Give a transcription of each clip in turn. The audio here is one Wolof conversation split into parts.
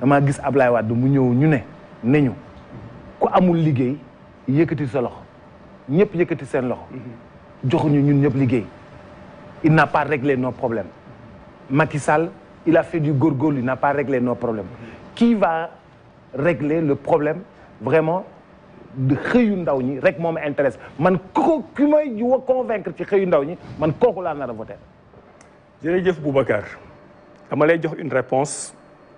damaa gis Ablaye wad mu ñew ñu ne nañu ku amul liggéey yëkëti sa loxo ñëpp yëkkati seen loxo mm-hmm. joxuñu ñun ñëpp liggéey il n'a pas réglé nos problèmes Macky Sall il a fait du góorgóorlu il n'a pas réglé nos problèmes mm-hmm. qui va régler le problème vraiment de xeyu ndaw ñi rek moom intéresse man kooku ki may wa convaincre ci xeyu ndaw ñi man kooku laa nar a voter jërëjëf Boubacar dama lay jox une réponse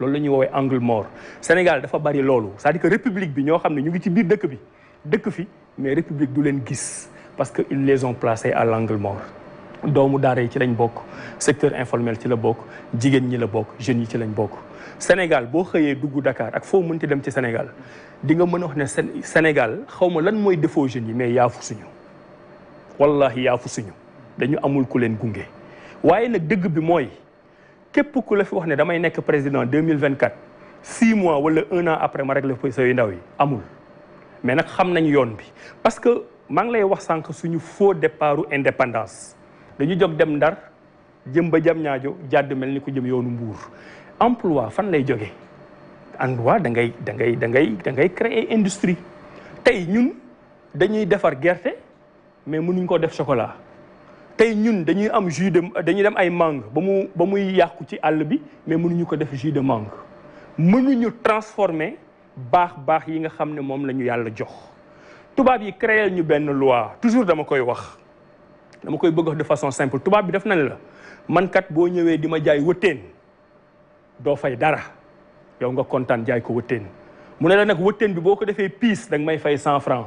loolu la ñuy woowee angle mort Sénégal dafa bari loolu c'est-à-dire que république bi ñoo xam ne ñu ngi ci biir dëkk bi dëkk fi mais république du leen gis parce que ils les ont placés à l'angle mort doomu daara yi ci lañ bokk secteur informel ci la bokk jigéen ñi la bokk jeunes yi ci lañ bokk Sénégal boo xëyee dugg dakaar ak foo mënti dem ci Sénégal di nga mën a wax ne Sénégal xaw ma lan mooy défaut jeunes yi mais yaafu suñu wallahi yaafu suñu dañu amul ku leen gunge waaye nag dëgg bi mooy Que pour que le président en 2024, six mois ou un an après ma amul mais je xam nañ yoon bi parce que maa ngi lay wax sànq suñu faux départu indépendance Nous dem ndar jëm ba ku jëm yoonu emploi endroit industrie nous, nous dañuy guerre, mais chocolat tay ñun dañuy am jus de dañuy dem ay mangue ba mu ba muy ci all bi mais mënuñu ko def jus de mangue mënuñu transformer baax baax yi nga xamne mom toujours yalla jox tubaab yi créer ñu ben loi toujours dama koy wax dama koy bëgg de façon simple tubaab bi def nañ la man kat content ñëwé dima jaay do fay dara yow nga jaay ko mu ne la nak wëttéen bi des defé defee da nga may fay francs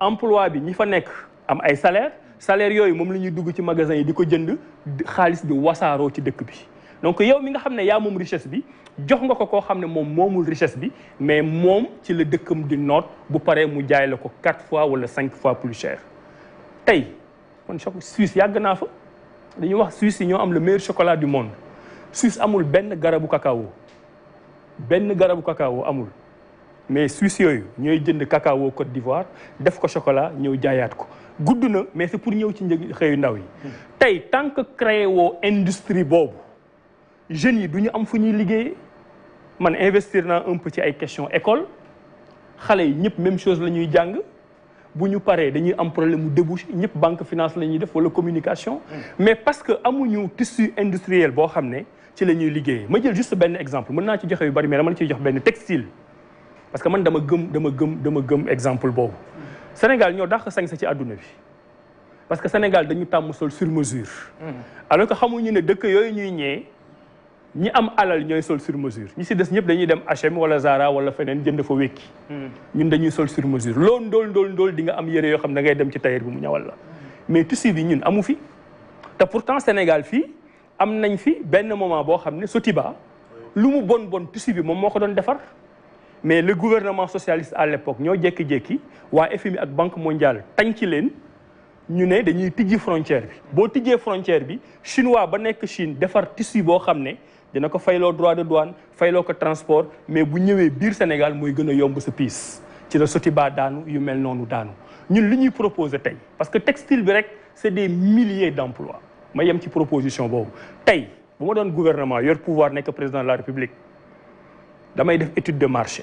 emploi bi ñi fa nekk am ay salaire salaire yooyu moom la ñuy dugg ci magasin yi di ko jënd xaalis bi wasaaroo ci dëkk bi donc yow mi nga xam ne yaa moom richesse bi jox nga ko koo xam ne moom moomul richesse bi mais moom ci la dëkkam di noot bu paree mu jaay la ko quatre fois wala cinq fois plus cher tey kon choc Suisse yàgg naa fa dañuy wax Suisse yi ñoo am le meilleur chocolat du monde Suisse amul benn garabu cacao benn garabu cacao amul mais suisse nous jënd cacao Côte d'Ivoire def ko chocolat ñeu ko gudduna mais c'est pour ñeu ci nous ndaw yi. tay tant que créé wo industrie bobu jeunes yi nous am fu man investir na un petit ay question école xalé yi même chose la ñuy jàng problème banque finance la def wala communication. mais parce que amuñu tissu industriel bo xamné ne ci la ñuy ma jël juste un exemple mën vais ci joxe yu bari mais dama la jox textile. parce que man dama gëm dama gëm dama gëm exemple boobu Sénégal ñoo dàq sañse ci àdduna bi parce que Sénégal dañu tàmm sol sur mesure mm. alors que xamuñu ne dëkk yooyu ñuy ñee ñi am alal ñooy sol sur mesure ñi si des ñëpp dañuy dem HM wala Zara wala feneen jënd fa wékki mm. ñun dañuy sol sur mesure lool ndool ndool ndool di nga am yére yoo xam da ngay dem ci tailleur bi mu ñawal la mm. mais tissu bi ñun amu fi te pourtant Sénégal fii am nañ fi benn moment boo xam ne Sotiba lu mu bon bon tissu bi moom moo ko doon defar mais le gouvernement socialiste à l'époque ñoo dit que waa FMI ak banque mondiale tànc leen ñu ne dañuy tijji frontière bi boo tijjee frontière bi chinois ba nekk Chine defar tissu boo xam ne dina ko fayloo droit de douane fayloo ko transport mais bu ñëwee biir Sénégal de gën a yomb sa piis ci la Sotiba daanu yu mel Nous daanu ñun li ñuy proposer tey parce que textile bi c'est des milliers d'emplois ma yem ci proposition boobu tey bu ma doon gouvernement yor pouvoir nekk président de la République damay def étude de marché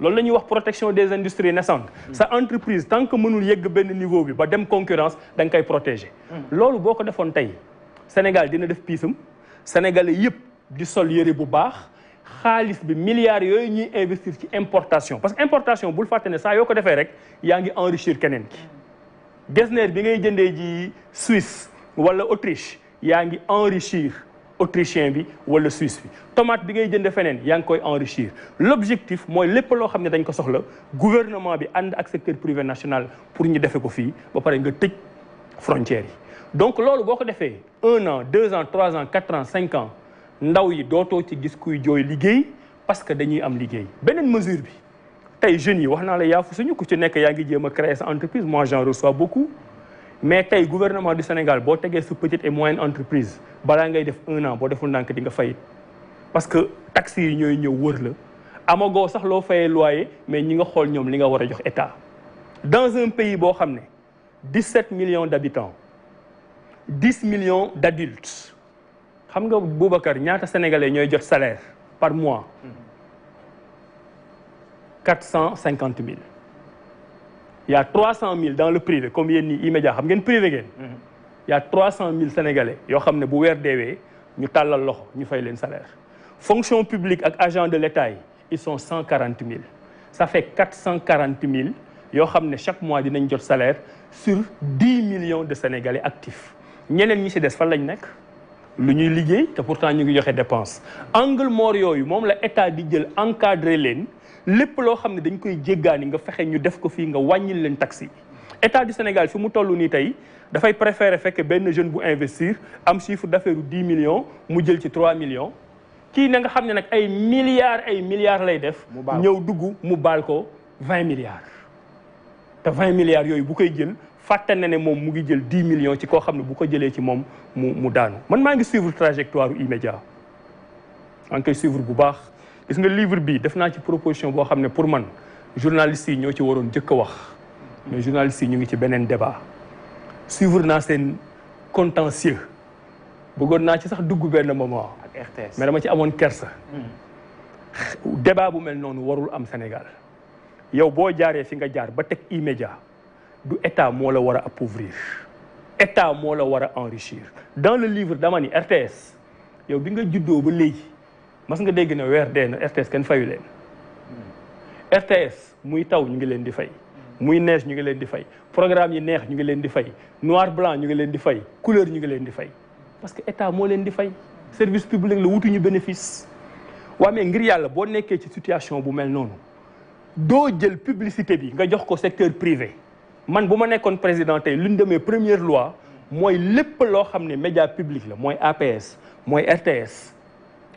loolu la ñuy wax protection des industries naissantes sa entreprise tant que mënul yegg benn niveau bi ba dem concurrence da nga koy protéger loolu boo ko defoon tey Sénégal dina def piisam Sénégalais yëpp di sol yëre bu baax xaalis bi milliards yooyu ñuy investir ci importation parce que importation bul fàtte ne saa yoo ko defee rek yaa ngi enrichir keneen ki Getzner bi ngay jëndee ji Suisse wala Autriche yaa ngi enrichir autrichien ou wala suisse tomate bi ngay jënd enrichir l'objectif c'est que le gouvernement bi le privé national pour ñu defe ko fii ba frontières donc loolu boo ko un an deux ans trois ans quatre ans cinq ans ndaw yi dootoo ci gis kuy jooy liggéey parce que dañuy am liggéey beneen mesure bi tey jeunes yi wax la fu suñu ci entreprise moi j'en reçois beaucoup mais le gouvernement du Sénégal boo tegee su petite et moyenne entreprise balaa ngay def un an pour deful ndànk di nga fayit parce que taxi, taxis, ñooy ñëw wër la amagoo sax loo fayee loyer mais ñi nga xool ñoom li nga jox dans un pays boo xam ne 17 millions d'habitants, 10 millions d'adultes, adultes xam nga Boubacar ñaata sénégalais ñooy jot salaire par mois 450 mm-hmm. 000 il y a 300 000 dans le privé Combien immédiatement. y immédiat mhm. il y a 300 000 sénégalais qui ont fait bu weer deewee ñu publiques loxo ñu fay salaire. fonction publique ak de l'État ils sont 140 000 ça fait 440 000 Ils ont chaque mois dinañ jot salaire sur 10 millions de sénégalais actifs Ils ñi ci des salaires lañ nekk. lu ñuy dépenses. pourtant ñu ngi joxe dépenses. angle mort c'est l'État la état di encadré lépp loo xam ne dañ koy jéggaani nga fexe ñu def ko fii nga wàññil leen taxi état du Sénégal fi mu toll nii tey dafay préférer fekk benn jeune bu investir am chiffre d'affaires 10 millions mu jël ci 3 millions kii na nga xam ne nag ay milliards ay milliards lay def. ñëw dugg mu baal ko 20 milliards. te 20 milliards yooyu bu koy jël fàtte na ne moom mu ngi jël 10 millions ci koo xam ne bu ko jëlee ci moom mu mu daanu man maa ngi suivre trajectoire immédiat maa ngi koy suivre bu baax gis nga livre bi def journalistes ci journalistes ñu débat suivre contentieux bëggoon ci sax dugg moment. Hmm. débat bu mel warul am Sénégal yow boo jaaree fi nga jaar ba immédiat du état état enrichir dans le livre dama RTS yow bi nga juddoo ba mas nga dégg ne weer dee na RTS kenn fayu leen RTS hmm. muy taw ñu ngi leen di fay hmm. muy neige ñu ngi leen di fay programme yi neex ñu ngi leen di fay noir blanc ñu ngi leen di fay couleur ñu ngi leen di fay parce que état moo leen di fay service public la wutuñu bénéfice waa mais ngir yàlla boo nekkee ci situation bu mel noonu doo jël publicité bi nga jox ko secteur privé man bu ma nekkoon président tey l'une de mes premières lois mooy lépp loo xam ne média public la mooy APS mooy RTS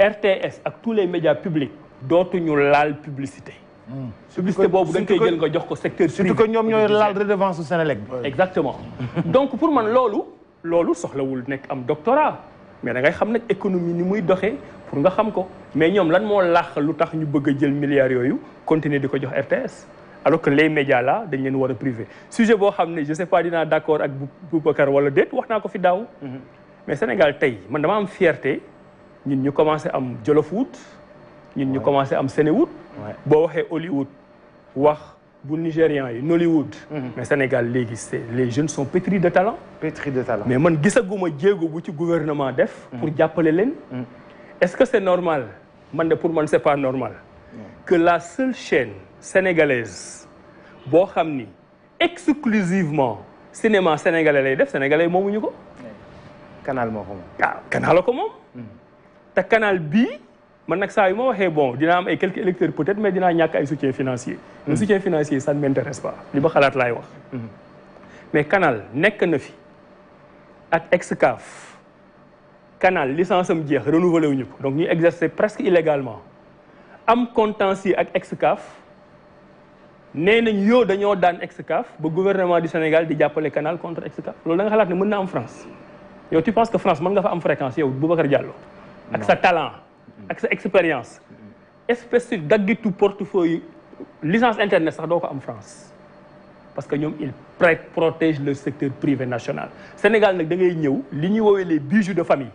RTS ak tous les médias publics dootuñu laal publicité. Hmm. publicité boobu da nga koy jël nga jox ko secteur privé. surtout que ñoom ñooy laal redevance au Sénélec exactement donc pour man loolu. loolu soxlawul nek am doctorat mais da ngay xam nag économie ni muy doxé pour nga xam ko mais ñom lan mo laax lutax ñu bëgg jël milliards yoyu continuer diko jox RTS. alors que les médias là dañ leen wara privé sujet bo xamné je sais pas dina d'accord ak Boubacar wala déet waxna ko fi daaw. Mm-hmm. mais Sénégal tay, man dama am fierté ñun ñu commencé am Jollof Wood ñun ñu commencé am Senewood bo waxé Hollywood wax bu Nigérian yi Nollywood mm-hmm. mais Sénégal légui, c'est les jeunes sont pétris de talent pétris de talent mais man gisaguma djégo bu ci gouvernement def mm-hmm. pour jappalé leen mm-hmm. est-ce que c'est normal man de pour moi, c'est pas normal que la seule chaîne sénégalaise bo xamni exclusivement cinéma sénégalais lay def sénégalais moomuñu ko canal moo ko ah, canal ko le canal B, man nag saa mo ma bon dina am ay quelques électeurs peut-être mais dina ñak ay soutien financier le hmm. soutien financier ça ne m'intéresse pas li ba xalat lay wax hmm. mais canal nek na fi ak Excaf canal licence am jeex renouvelé wuñu donc ñu exercer presque illégalement am contentieux ak Excaf nee nañ yow dañoo daan Excaf ba gouvernement du Sénégal di jàppale canal contre Excaf loolu da nga xalat ne mën na am France yow tu penses que France mën nga fa am fréquence yow Boubacar Diallo avec sa talent avec sa expérience espèce c'est un portefeuille licence internet sax France parce que protègent le secteur privé national Sénégal nag da ngay les bijoux de famille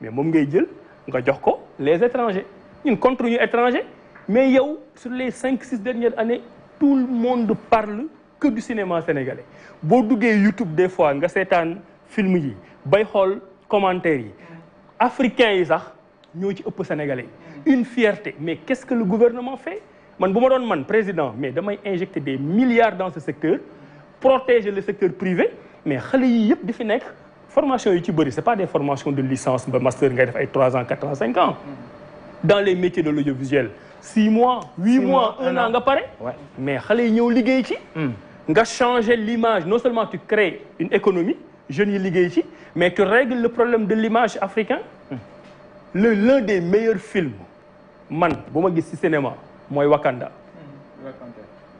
mais moom ngay jël nga jox les étrangers Ils contre les étrangers. mais sur les 5-6 dernières années tout le monde parle que du cinéma sénégalais Si vous YouTube des fois nga films, film yi bay commentaires africains yi sax au ci sénégalais une fierté mais qu'est-ce que le gouvernement fait man bu ma man président mais vais injecter des milliards dans ce secteur protéger le secteur privé mais xale yi formation YouTube. Ce n'est pas des formations de licence de master de 3 ans 4 ans 5 ans dans les métiers de l'audiovisuel 6 mois 8 mois 1 an nga paré, mais xale yi ñëw liggéey ci hmm. nga changer l'image non seulement tu crées une économie jeunes yi liggéey ci mais que règle le problème de l'image africain l'un des meilleurs films man bu ma cinéma Moi Wakanda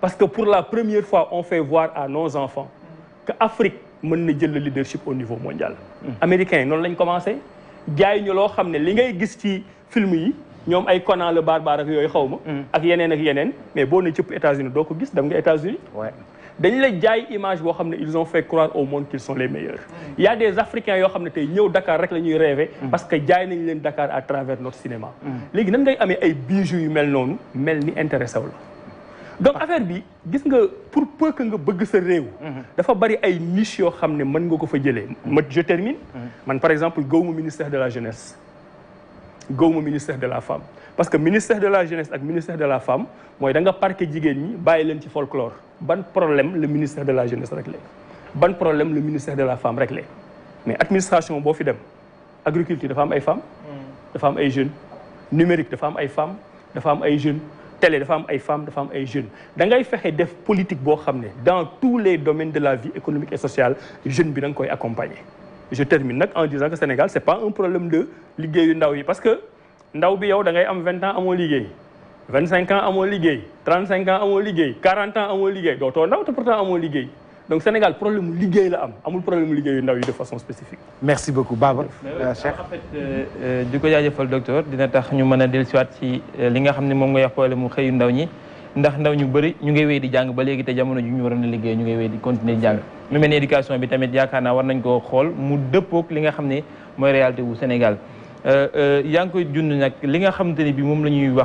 parce que pour la première fois on fait voir à nos enfants que l'Afrique, mën le leadership au niveau mondial américain noonu ont commencé Les ñu loo xam ne li ngay gis ci film yi ñoom ay Conan le barbare ak yooyu xaw ma mm. ak yeneen ak mais boo ne États-Unis doo ko gis dans nga États-Unis dañ la jaay image ils ont fait croire au monde qu'ils sont les meilleurs il y a des africains qui xam ne Dakar rek la ñuy rêver parce que ils nañ leen Dakar à travers notre cinéma Légui nan ngay amé ay bijoux yu mel non mel ni intéressé donc affaire bi gis nga pour peu que nga bëgg sa réew mhm. dafa bari ay niche yo xamné man nga ko fa jëlé. je termine mhm. man par exemple gouvernement ministère de la jeunesse au ministère de la femme parce que ministère de la jeunesse et ministère de la femme moy da nga parqué jigen y baye len ci folklore ban problème le ministère de la jeunesse réglé ban problème le ministère de la femme réglé mais administration bo fi dem agriculture dafa am ay femmes mm. dafa am ay jeunes numérique dafa am ay femmes dafa am ay jeunes télé dafa am ay femmes dafa am ay jeunes da ngay fexé def politique bo xamné dans tous les domaines de la vie économique et sociale les bi da accompagnés. koy accompagner je termine en disant que le Sénégal, c'est n'est pas un problème de Ligue Ndaoui. Parce que Ndaoui, tu as 20 ans à mon 25 ans à mon 35 ans à mon 40 ans à mon Ligue. Donc, tu as pourtant à mon Donc, Sénégal, problème Ligue, il y a un problème Ligue Ndaoui de façon spécifique. Merci beaucoup, Babar. en fait, euh, euh, du coup, il y a des docteurs. Il y a des gens qui ont dit que c'est un problème ndax ndaw ñu bari ñu ngay wéy di jàng ba léegi te jamono ju ñu waroon a liggéey ñu ngay wéy di continuer di jàng mu mel ni éducation bi tamit yaakaar naa war nañ koo xool mu dëppook li nga xam ne mooy réalité wu Sénégal euh, euh, yaa ngi koy jund nag li nga xamante ni bi moom la ñuy wax